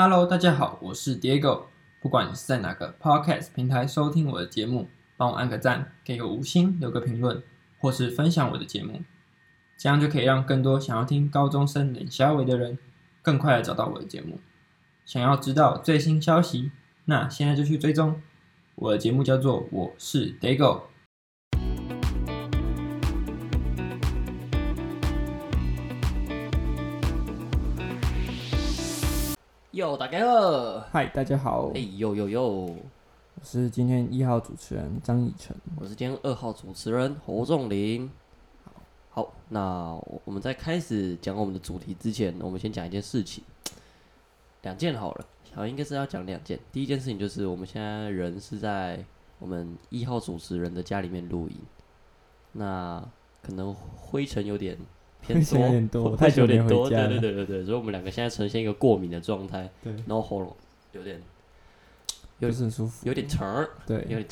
哈嘍，大家好，我是 Diego。不管你是在哪個 podcast 平台收聽我的節目，幫我按個讚，給個五星，留個評論，或是分享我的節目，這樣就可以讓更多想要聽高中生冷小偉的人更快地找到我的節目。想要知道最新消息，那現在就去追蹤。我的節目叫做我是 Diego。喲，大家好 Hi, 大家好！嗨，大家好！哎呦呦呦，我是今天一號主持人張以辰。我是今天二號主持人侯仲臨。好，那我們在開始講我們的主題之前，我們先講一件事情，兩件好了，好，應該是要講兩件。第一件事情就是我們現在人是在我們一號主持人的家裡面錄音，那可能灰塵有點，偏多，太久有點多，對對對對對，所以我們兩個現在呈現一個過敏的狀態，對，然後喉嚨有點，不是很舒服有點有點疼，有點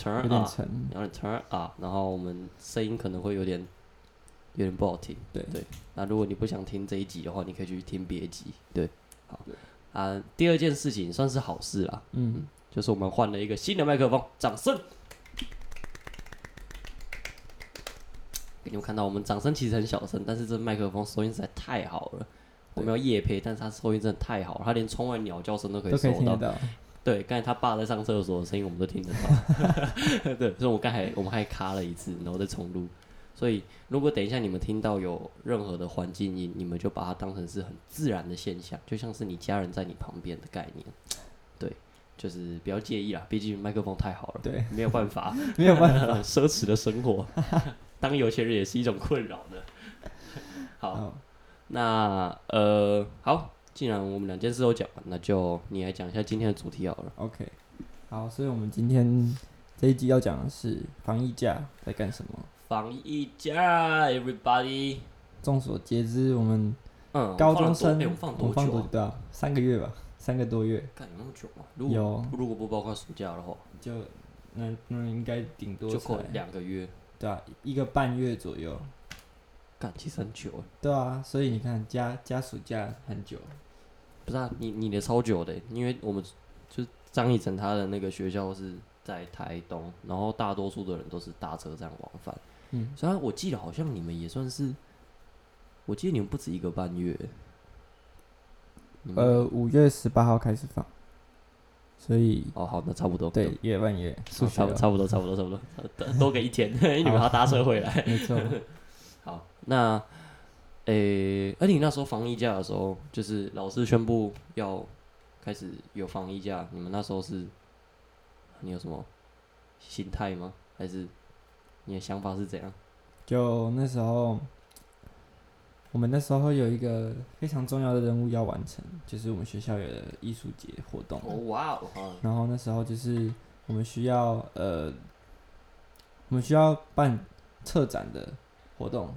疼，有點疼啊，然後我們聲音可能會有點，有點不好聽，對對，那如果你不想聽這一集的話，你可以去聽別集，對，好，啊，第二件事情算是好事啦，嗯，就是我們換了一個新的麥克風，掌聲。你們看到我們掌聲其實很小聲，但是這麥克風收音實在太好了。對我們要業配，但是它收音真的太好了，它連窗外鳥叫聲都可以收到。聽到。對，剛才他爸在上廁所的聲音我們都聽得到。 對，所以我剛才我們還卡了一次，然後再重錄。所以如果等一下你們聽到有任何的環境音，你們就把它當成是很自然的現象，就像是你家人在你旁邊的概念。對，就是不要介意啦，畢竟麥克風太好了。對，沒有辦法， 沒有辦法， 奢侈的生活。 當有錢人也是一種困擾的。 好，oh. 那呃，好，既然我們兩件事都講完，那就你來講一下今天的主題好了。OK，好，所以我們今天這一集要講的是防疫假在幹什麼？防疫假，everybody。眾所皆知，我們嗯，高中生我們放多久，對啊？三個月吧，三個多月。啊，如有如果不包括暑假的話，就那那應該頂多就過兩個月。對啊，一個半月左右，其實很久了，對啊，所以你看，家家暑假很久，不是啊？你你的超久的，因為我們就張以辰他的那個學校是在台東，然後大多數的人都是搭車這樣往返。嗯，雖然啊，我記得好像你們也算是，我記得你們不止一個半月。呃，五月十八號開始放。所以哦，好的，那差不多對，多月半月，差不差不多，差不多差不多，差不多，多給一天， 你把你要搭車回來。沒錯錯。好，那誒，那、欸、你那時候防疫假的時候，就是老師宣布要開始有防疫假，你們那時候是，你有什麼心態嗎？還是你的想法是怎樣？就那時候。我們那時候有一個非常重要的任務要完成，就是我們學校有的藝術節活動。哦哇哦！然後那時候就是我們需要呃，我們需要辦策展的活動，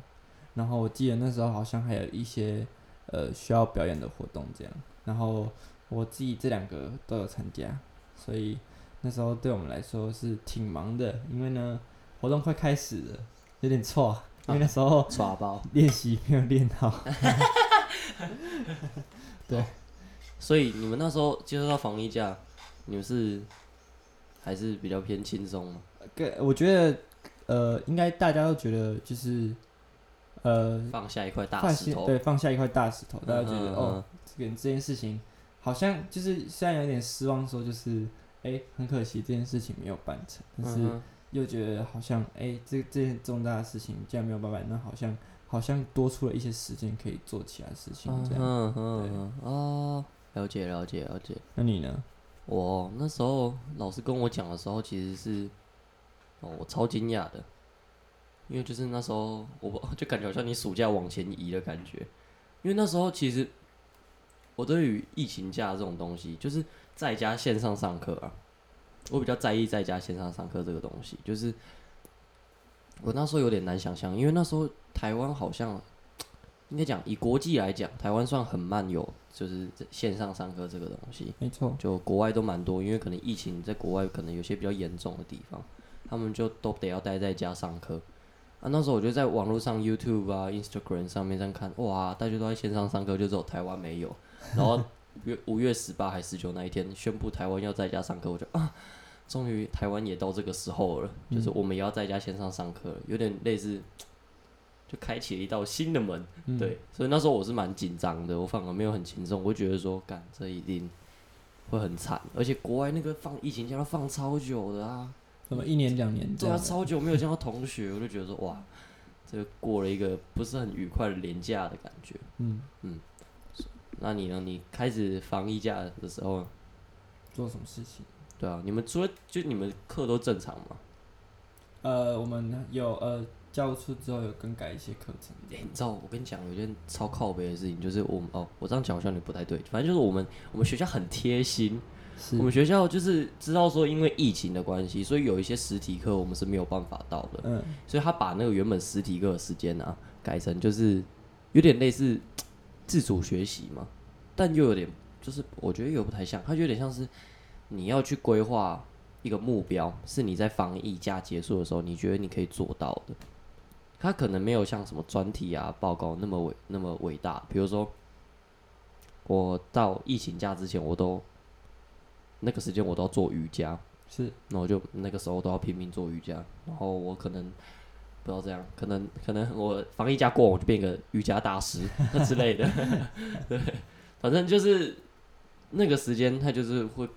然後我記得那時候好像還有一些呃需要表演的活動這樣。然後我自己這兩個都有參加，所以那時候對我們來說是挺忙的，因為呢活動快開始了，有點錯。因為那時候耍、啊、寶，練習沒有練好。對，所以你們那時候接觸到防疫假，你們是還是比較偏輕鬆嗎？Okay, 我覺得，呃，應該大家都覺得就是，呃，放下一塊大石頭，對，放下一塊大石頭，大家覺得嗯嗯哦，這個這件事情好像就是雖然有點失望，說就是，誒、欸，很可惜這件事情沒有辦成，但是。嗯又覺得好像，哎、欸，這這件重大的事情既然沒有辦法，那好像好像多出了一些時間可以做其他事情，這樣，嗯，嗯，對，哦，了解了解了解。了解那你呢？我那時候老師跟我講的時候，其實是，哦，我超驚訝的，因為就是那時候，我就感覺好像你暑假往前移的感覺，因為那時候其實我對於疫情假這種東西，就是在家線上上課啊。我比較在意在家線上上課這個東西，就是我那時候有點難想象，因為那時候台灣好像應該講以國際來講，台灣算很慢有就是線上上課這個東西，沒錯錯，就國外都蠻多，因為可能疫情在國外可能有些比較嚴重的地方，他們就都得要待在家上課。啊，那時候我就在網絡上 YouTube 啊、Instagram 上面這樣看，哇，大家都在線上上課，就只有台灣沒有，然後。 五月五月十八還十九那一天宣布台灣要在家上課，我就啊，終於台灣也到這個時候了，嗯、就是我們也要在家線上上課了，有點類似，就開啟了一道新的門。嗯、對，所以那時候我是蠻緊張的，我反而沒有很輕鬆，我覺得說，幹這一定會很慘，而且國外那個放疫情假都放超久的啊，什麼一年兩年，對啊，超久沒有見到同學， 我就覺得說，哇，這個、過了一個不是很愉快的年假的感覺。嗯嗯。嗯那你呢？你開始防疫假的時候，做什麼事情？對啊，你們除了就你們課都正常嗎？呃，我們有呃教務處之後有更改一些課程、欸。你知道，我跟你講，有件超靠北的事情，就是我們哦，我這樣講好像你不太對。反正就是我們我們學校很貼心，是我們學校就是知道說因為疫情的關係，所以有一些實體課我們是沒有辦法到的。嗯，所以他把那個原本實體課的時間啊改成就是有點類似。自主學習嘛，但又有點，就是我覺得又不太像，它有點像是你要去規劃一個目標，是你在防疫假結束的時候，你覺得你可以做到的。它可能沒有像什麼專題啊、報告那麼偉那麼偉大。比如說，我到疫情假之前，我都那個時間我都要做瑜伽，是，那我就那個時候都要拼命做瑜伽，然後我可能。不要這樣，可能可能我防疫假過，我就變個瑜伽大師 之類的。對，反正就是那個時間，它就是會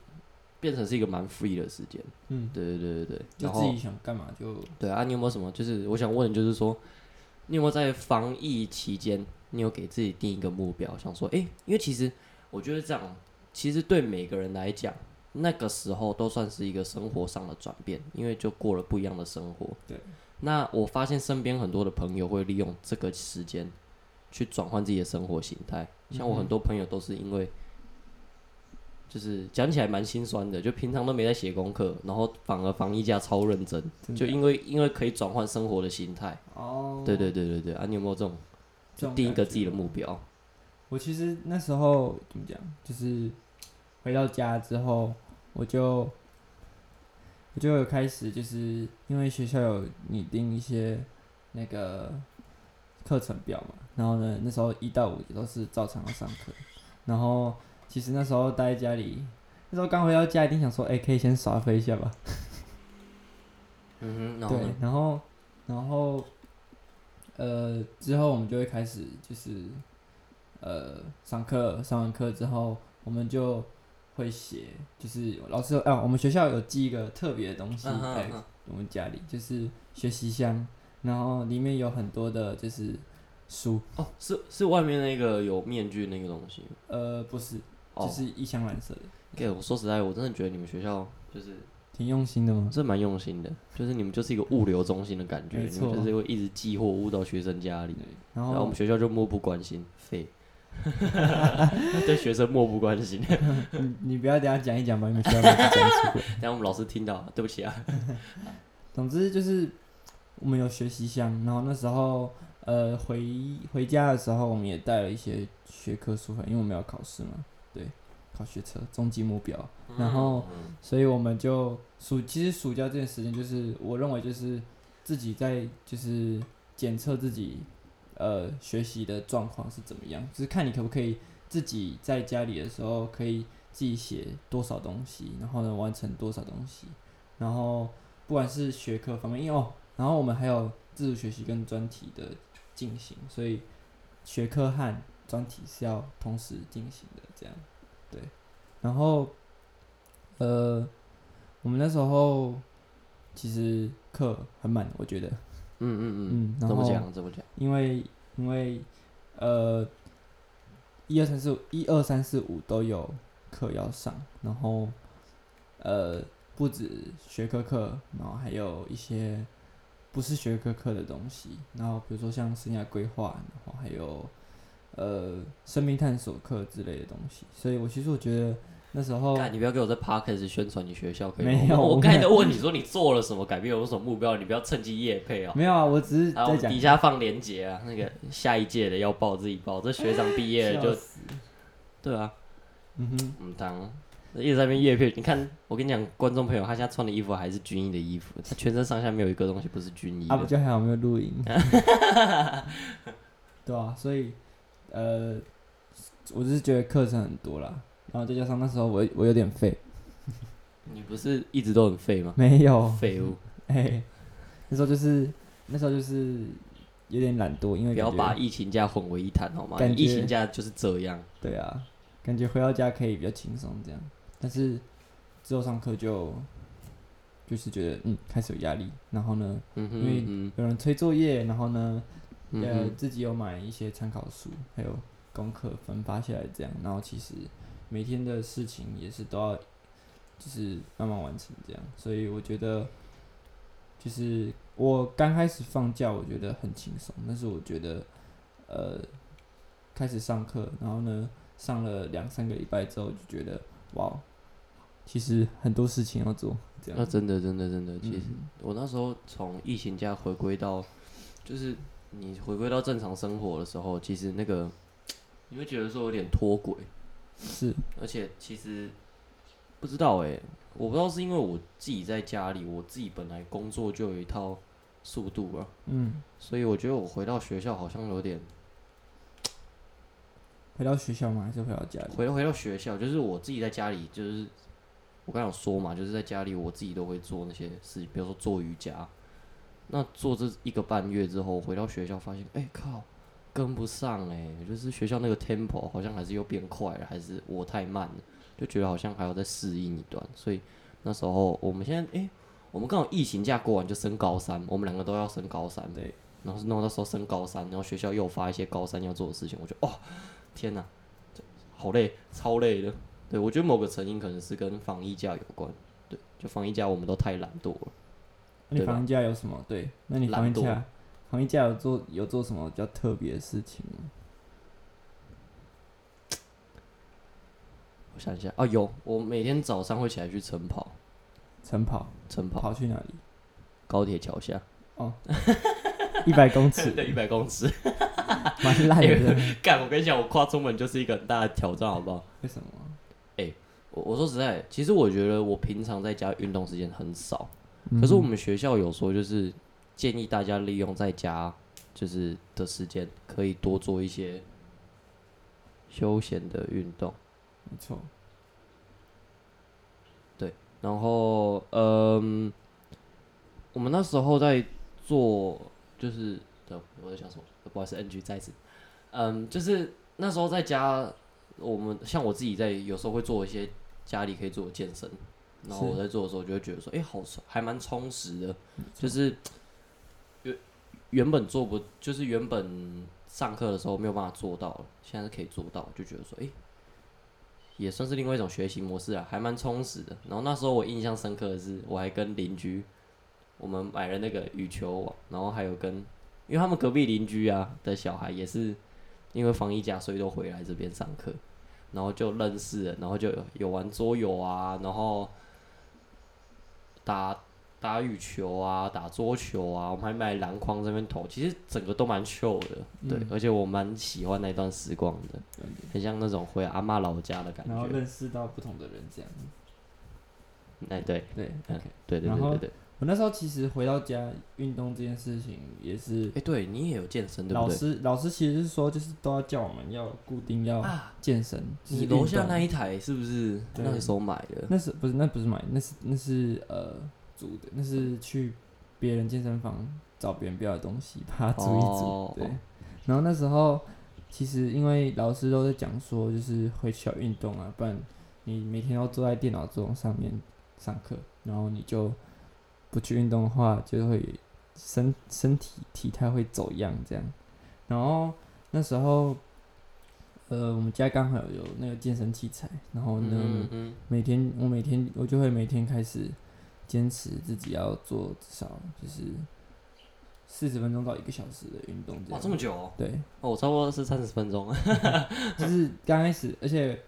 變成是一個蠻 free 的時間。嗯，對對對對對。就自己想幹嘛就。然後，對啊，你有沒有什麼？就是我想問，就是說，你有沒有在防疫期間，你有給自己定一個目標，想說，哎、欸，因為其實我覺得這樣，其實對每個人來講，那個時候都算是一個生活上的轉變，嗯、因為就過了不一樣的生活。對。那我發現身邊很多的朋友會利用這個時間，去轉換自己的生活形態。嗯、哼像我很多朋友都是因為，就是講起來蠻心酸的，就平常都沒在寫功課，然後反而防疫假超認真。真的假的？就因為因為可以轉換生活的心態。哦。對對對對對，啊，你有沒有這種就定一個自己的目標？我其實那時候怎麼講，就是回到家之後，我就。我就有開始，就是因為學校有擬定一些那個課程表嘛，然後呢，那時候一到五都是照常上課，然後其實那時候待在家裡，那時候剛回到家一定想說，誒，可以先耍廢一下吧。嗯哼， 對，然後，然後，呃，之後我們就會開始，就是呃，上課，上完課之後，我們就。會寫，就是老師說，哎、啊，我們學校有寄一個特別的東西在、啊啊、我們家裡，就是學習箱，然後裡面有很多的就是書。哦，是是外面那個有面具那個東西？呃，不是，哦、就是一箱藍色的。對，我說實在，我真的覺得你們學校就是挺用心的嗎？這蠻用心的，就是你們就是一個物流中心的感覺，沒錯。你們就是會一直寄貨物到學生家裡，然後，然後我們學校就漠不關心，廢。哈哈哈！ 對學生漠不關心 你。你你不要這樣講一講吧，你們這樣講，等下我們老師聽到，對不起啊。 總之就是我們有學習箱，然後那時候呃回回家的時候，我們也帶了一些學科書本，因為我們要考試嘛。對，考學車，終極目標。然後、嗯嗯、所以我們就暑，其實暑假這段時間，就是我認為就是自己在就是檢測自己。呃，學習的狀況是怎麼樣？就是看你可不可以自己在家裡的時候，可以自己寫多少東西，然後呢，完成多少東西，然後不管是學科方面，因為哦，然後我們還有自主學習跟專題的進行，所以學科和專題是要同時進行的，這樣對。然後呃，我們那時候其實課很滿，我覺得。嗯嗯嗯嗯，怎麼講？怎麼講？因為因為，呃，一二三四五，一二三四五都有課要上，然後呃，不止學科課，然後還有一些不是學科課的東西，然後比如說像生涯規劃，然後還有呃生命探索課之類的東西，所以我其實我覺得。那時候，你不要給我在 podcast 宣傳你學校可以嗎？沒有，我剛才都問你說你做了什麼改變，有什麼目標？你不要趁機業配哦、喔。沒有啊，我只是在講、啊、底下放鏈接啊，那個下一屆的要報自己報，這學長畢業了就， 對啊，嗯哼，嗯當，一直在那邊業配。你看，我跟你講，觀眾朋友，他現在穿的衣服還是軍醫的衣服，他全身上下沒有一個東西不是軍醫。的。我對啊，所以，呃，我只是覺得課程很多啦。然後再加上那時候我我有點廢， 你不是一直都很廢嗎？沒有廢物，欸。那時候就是那時候就是有點懶惰，因為不要把疫情假混為一談好嗎？感覺疫情假就是這樣。對啊，感覺回到家可以比較輕鬆這樣，但是之後上課就就是覺得嗯開始有壓力。然後呢，嗯哼嗯哼因為有人催作業，然後呢，呃、嗯、哼自己有買一些參考書，還有功課分發下來這樣，然後其實。每天的事情也是都要，就是慢慢完成這樣。所以我覺得，就是我剛開始放假，我覺得很輕鬆。但是我覺得，呃，開始上課，然後呢，上了兩三個禮拜之後，就覺得哇，其實很多事情要做這樣。那真的，真的，真的。其實我那時候從疫情假回歸到，就是你回歸到正常生活的時候，其實那個你會覺得說有點脫軌。是、嗯，而且其實不知道哎、欸，我不知道是因為我自己在家裡，我自己本來工作就有一套速度啊，嗯，所以我覺得我回到學校好像有點，回到學校嗎？還是回到家裡？回回到學校，就是我自己在家裡，就是我剛想說嘛，就是在家裡我自己都會做那些事情，比如說做瑜伽，那做這一個半月之後回到學校，發現哎、欸，靠。跟不上、欸、就是學校那個 tempo 好像還是又變快了，還是我太慢了，就覺得好像還要再適應一段。所以那時候我們現在誒、欸，我們剛好疫情假過完就升高三，我們兩個都要升高三對，然後弄那時候升高三，然後學校又發一些高三要做的事情，我就哦，天哪、啊，好累，超累的。對，我覺得某個成因可能是跟防疫假有關，對，就防疫假我們都太懶惰了。對，那你防疫假有什麼？對，那你懶惰。寒假有做有做什麼比較特別的事情嗎？我想一下啊，有我每天早上會起來去晨跑，晨跑晨跑跑去哪裡？高鐵橋下哦，一百公尺對，一百公尺，蠻累的。幹，我跟你講，我跨出門就是一個很大的挑戰，好不好？為什麼？哎、欸，我我說實在，其實我覺得我平常在家運動時間很少，嗯、哼可是我們學校有說就是。建議大家利用在家就是的時間，可以多做一些休閒的運動。沒錯。對，然後嗯，我們那時候在做，就是的，我在想什麼？不好意思，NG 再次。嗯，就是那時候在家，我們像我自己在有時候會做一些家裡可以做的健身，然後我在做的時候就會覺得說，哎，是。欸，好，還蠻充實的，沒錯。就是。原本做不，就是原本上課的時候沒有辦法做到，現在可以做到，就覺得說，誒、欸、也算是另外一種學習模式啊，還蠻充實的。然後那時候我印象深刻的是，我還跟鄰居，我們買了那個羽球網，然後還有跟，因為他們隔壁鄰居啊的小孩也是因為防疫假，所以都回來這邊上課，然後就認識了，然後就有玩桌遊啊，然後打。打羽球啊，打桌球啊，我們還買籃筐這邊投，其實整個都蠻秀的，對，嗯、而且我蠻喜歡那段時光的，很像那種回阿嬤老家的感覺。然後認識到不同的人，這樣子。哎、欸，對，對，嗯、okay, 對，對，對對對對。我那時候其實回到家，運動這件事情也是，哎、欸，對你也有健身對不對，的。老師，老師其實是說，就是都要叫我們要固定要、啊、健身。你樓下那一台是不是那時候買的？那是不是那不是買，那是那是呃。租的，那是去別人健身房找別人不要的東西，把它租一租，Oh. 對。然後那時候其實因為老師都在講說，就是會需要運動啊，不然你每天都坐在電腦桌上面上課，然後你就不去運動的話，就會身身體體態會走樣這樣。然後那時候呃，我們家剛好有那個健身器材，然後呢、mm hmm. 每天我每天我就會每天開始。堅持自己要做至少就是四十分鐘到一個小時的運動這樣。哇這麼久。對哦我、哦、差不多是三十分鐘， 就是剛開始， 而且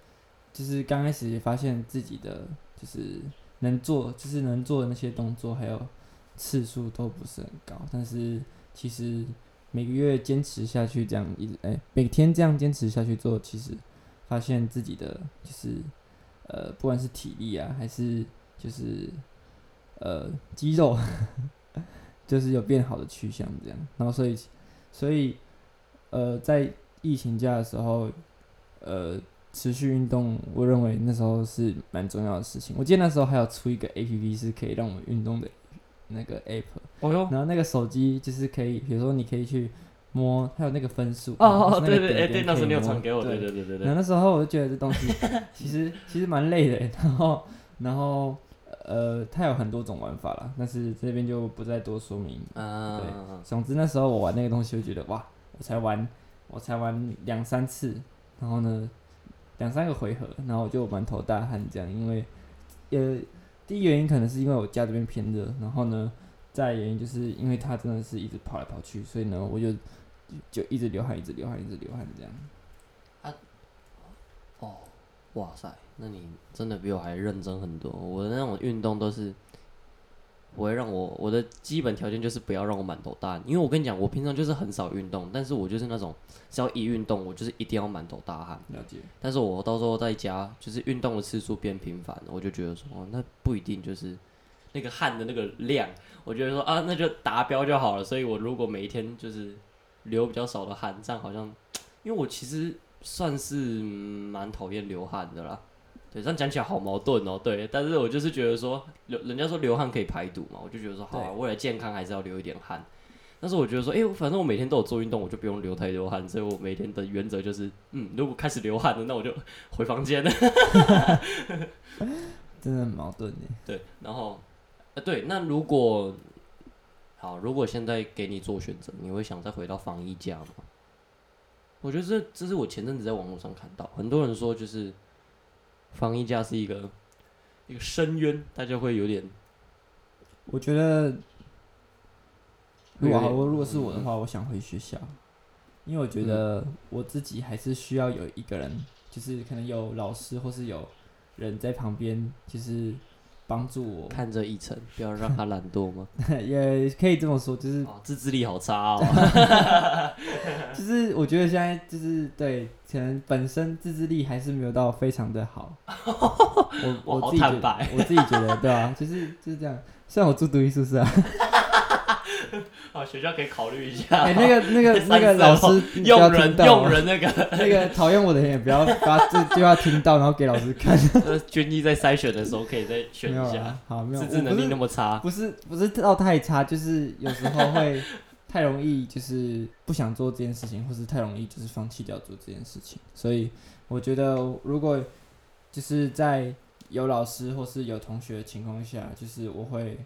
就是剛開始也發現自己的就是能做就是能做的那些動作還有次數都不是很高，但是其實每個月堅持下去這樣一直哎、欸、每天這樣堅持下去做，其實發現自己的就是呃不管是體力啊還是就是。呃，肌肉呵呵就是有變好的趨向，這樣。然後所以，所以，呃，在疫情假的時候，呃，持續運動，我認為那時候是蠻重要的事情。我記得那時候還有出一個 A P P 是可以讓我們運動的那個 A P P。哦喲。然後那個手機就是可以，比如說你可以去摸，還有那個分數、哦哦。哦對對哎對,、欸、對，那時候你有傳給我。對,對對對對對。然後那時候我就覺得這東西 其實其實蠻累的，然後然後。呃，它有很多種玩法啦，但是這邊就不再多說明。嗯嗯嗯嗯嗯，對，總之那時候我玩那個東西，我就覺得哇，我才玩，我才玩兩三次，然後呢，兩三個回合，然後我就滿頭大汗這樣，因為，呃，第一原因可能是因為我家這邊偏熱，然後呢，再原因就是因為它真的是一直跑來跑去，所以呢，我就就一直流汗，一直流汗，一直流汗這樣。啊，哦。哇塞，那你真的比我還認真很多。我的那種運動都是，不會讓我，我的基本條件就是不要讓我滿頭大汗，因為我跟你講，我平常就是很少運動，但是我就是那種只要一運動，我就是一定要滿頭大汗。了解。但是我到時候在家就是運動的次數變頻繁了，我就覺得說哦，那不一定就是那個汗的那個量，我覺得說啊，那就達標就好了。所以我如果每一天就是流比較少的汗，這樣好像，因為我其實。算是蠻討厭流汗的啦，對，這樣講起來好矛盾哦、喔。對，但是我就是覺得說，人家說流汗可以排毒嘛，我就覺得說，好啊，對為了健康還是要流一點汗。但是我覺得說，誒、欸，反正我每天都有做運動，我就不用流太多汗。所以我每天的原則就是，嗯，如果開始流汗了，那我就回房間了。 真的很矛盾耶。對，然後，呃，對，那如果，好，如果現在給你做選擇，你會想再回到防疫家嗎？我覺得這這是我前陣子在網絡上看到很多人說，就是防疫假是一個一個深淵，大家會有點。我覺得，如果如果是我的的話，我想回學校，因為我覺得我自己還是需要有一個人，嗯、就是可能有老師或是有人在旁邊，就是。幫助我看這一層，不要讓他懶惰嗎？ 也可以這麼說，就是、哦、自制力好差哦。 就是我覺得現在就是對，可能本身自制力還是沒有到非常的好。 我我坦白，我自己覺得， 我自己覺得對啊，就是就是這樣，像我豬堆是不是啊？ 啊，學校可以考慮一下。哎、欸，那個、那個、那個、喔、老師用人到用人那個 那個討厭我的人也不要把這句話聽到，然後給老師看。那娟在篩選的時候可以再選一下。好，沒有。自制能力那麼差，不是不是，不是到太差，就是有時候會太容易，就是不想做這件事情，或是太容易就是放棄掉做這件事情。所以我覺得，如果就是在有老師或是有同學的情況下，就是我會。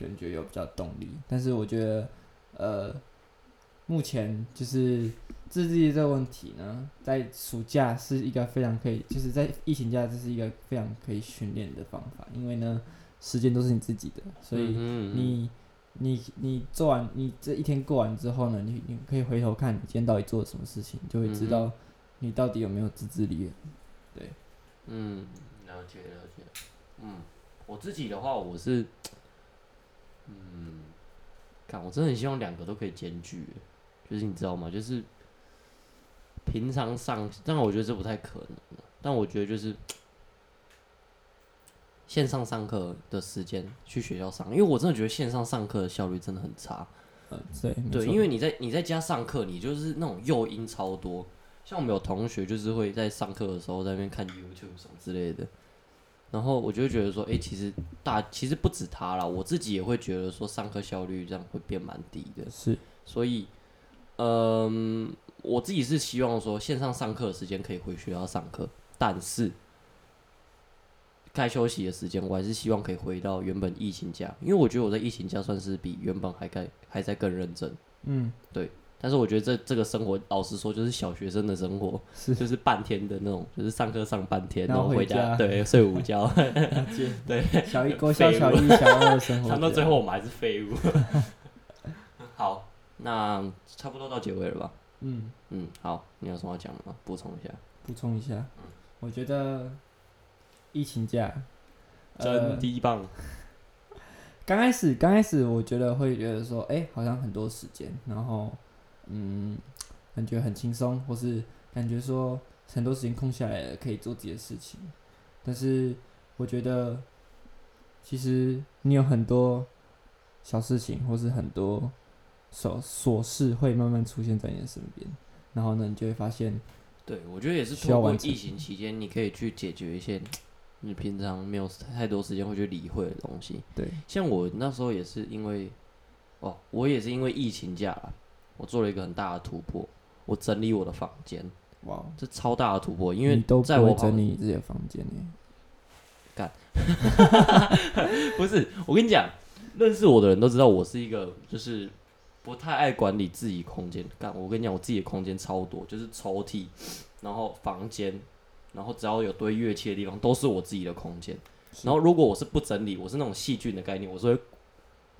感覺有比較動力，但是我覺得，呃，目前就是自制力這個問題呢，在暑假是一個非常可以，就是在疫情假，這是一個非常可以訓練的方法，因為呢，時間都是你自己的，所以你嗯嗯你你做完，你這一天過完之後呢，你你可以回頭看你今天到底做了什麼事情，就會知道你到底有沒有自制力。對，嗯，了解了解，嗯，我自己的話，我是。是嗯，看，我真的很希望兩個都可以兼具，就是你知道嗎？就是平常上，但我覺得這不太可能，但我覺得就是線上上課的時間去學校上，因為我真的覺得線上上課的效率真的很差。嗯，對，對，沒錯。因為你在你在家上課，你就是那種誘因超多，像我們有同學就是會在上課的時候在那邊看 YouTube 什麼之類的。然後我就覺得說，哎、欸，其實大其實不止他了，我自己也會覺得說，上課效率這樣會變蠻低的。是，所以，嗯，我自己是希望說，線上上課的時間可以回學校上課，但是，該休息的時間，我還是希望可以回到原本疫情假，因為我覺得我在疫情假算是比原本還該還在更認真。嗯，對。但是我覺得這這個生活，老實說就是小學生的生活，是就是半天的那種，就是上課上半天，然後回家，對，睡午覺，對，小一哥小小一小二的生活，唱到最後我們還是廢物。好，那差不多到結尾了吧？嗯嗯，好，你有什麼要講的嗎？補充一下？補充一下，嗯，我覺得疫情假真的棒。剛開始剛開始，我覺得會覺得說，哎，好像很多時間，然後。嗯，感覺很輕鬆，或是感覺說很多時間空下來了，可以做自己的事情。但是我覺得，其實你有很多小事情，或是很多瑣瑣事，會慢慢出現在你的身邊。然後呢，你就會發現，對，我覺得也是通過疫情期間，你可以去解決一些你平常沒有太多時間會去理會的東西。對，像我那時候也是因為，哦，我也是因為疫情假。我做了一個很大的突破，我整理我的房間，哇，Wow, 這超大的突破！因為在我你都不整理自己的房間，幹， 不是，我跟你講，認識我的人都知道，我是一個就是不太愛管理自己空間。幹，我跟你講，我自己的空間超多，就是抽屜，然後房間，然後只要有堆樂器的地方都是我自己的空間。是然後如果我是不整理，我是那種細菌的概念，我是會。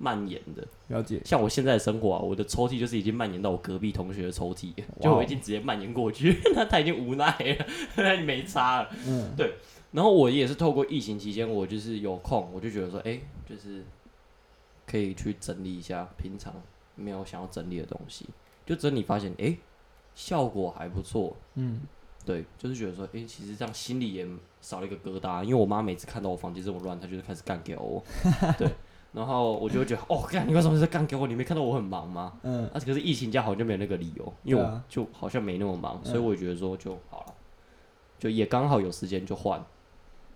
蔓延的，了解。像我現在的生活啊，我的抽屜就是已經蔓延到我隔壁同學的抽屜，Wow 就我已經直接蔓延過去，那 他已經無奈了， 他已經沒差了。嗯，對。然後我也是透過疫情期間，我就是有空，我就覺得說，哎、欸，就是可以去整理一下平常沒有想要整理的東西，就整理發現，哎、欸，效果還不錯。嗯，對，就是覺得說，哎、欸，其實這樣心裡也少了一個疙瘩。因為我媽每次看到我房間這麼亂，她就是開始幹給我。 對。然後我就覺得，哦，幹，你為什麼是剛給我？你沒看到我很忙嗎？嗯，啊，可是疫情假好像就沒有那個理由，因為我就好像沒那麼忙，嗯，所以我就覺得說就好了，就也剛好有時間就換，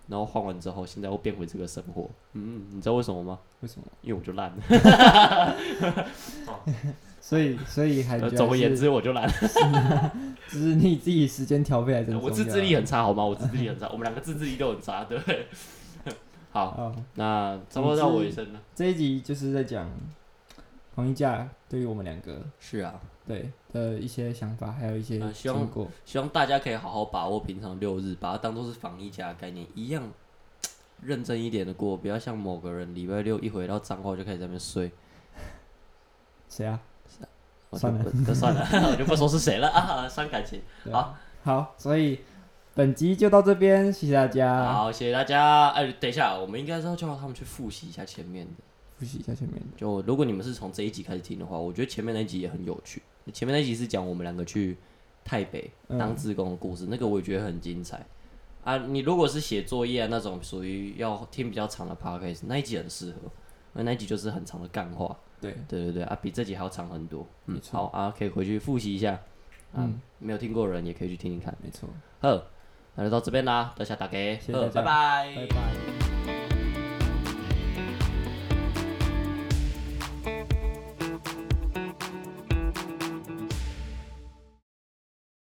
然後換完之後，現在又變回這個生活。嗯，你知道為什麼嗎？為什麼？因為我就爛了。 哦、所以，所以還總而言之，我就爛了。就 是、啊、是你自己時間調配還是、呃、我自制力很差，好嗎？我自制力很差， 我們兩個自制力都很差，對。好，那差不多到尾聲了。這一集就是在講防疫假對於我們兩個是啊，對的一些想法，還有一些經過、呃希。希望大家可以好好把握平常六日，把它當做是防疫假的概念一樣認真一點的過，不要像某個人禮拜六一回到賬號就開始在那邊睡。誰啊？啊，我就算了，那算了， 我就不說是誰了啊，傷感情。對好，好，所以。本集就到這邊，謝謝大家。好，謝謝大家。哎、欸，等一下，我們應該要叫他們去複習一下前面的，複習一下前面的。就如果你們是從這一集開始聽的話，我覺得前面那一集也很有趣。前面那一集是講我們兩個去台北當志工的故事，嗯、那個我也覺得很精彩。啊，你如果是寫作業、啊、那種，屬於要聽比較長的 podcast，那一集很適合。那那一集就是很長的幹話。對，對對對對啊，比這集還要長很多。嗯，錯好啊，可以回去複習一下。啊、嗯，沒有聽過的人也可以去聽聽看。沒錯，那就到這邊啦，等下大哥，好謝謝大家，拜拜，拜拜拜拜。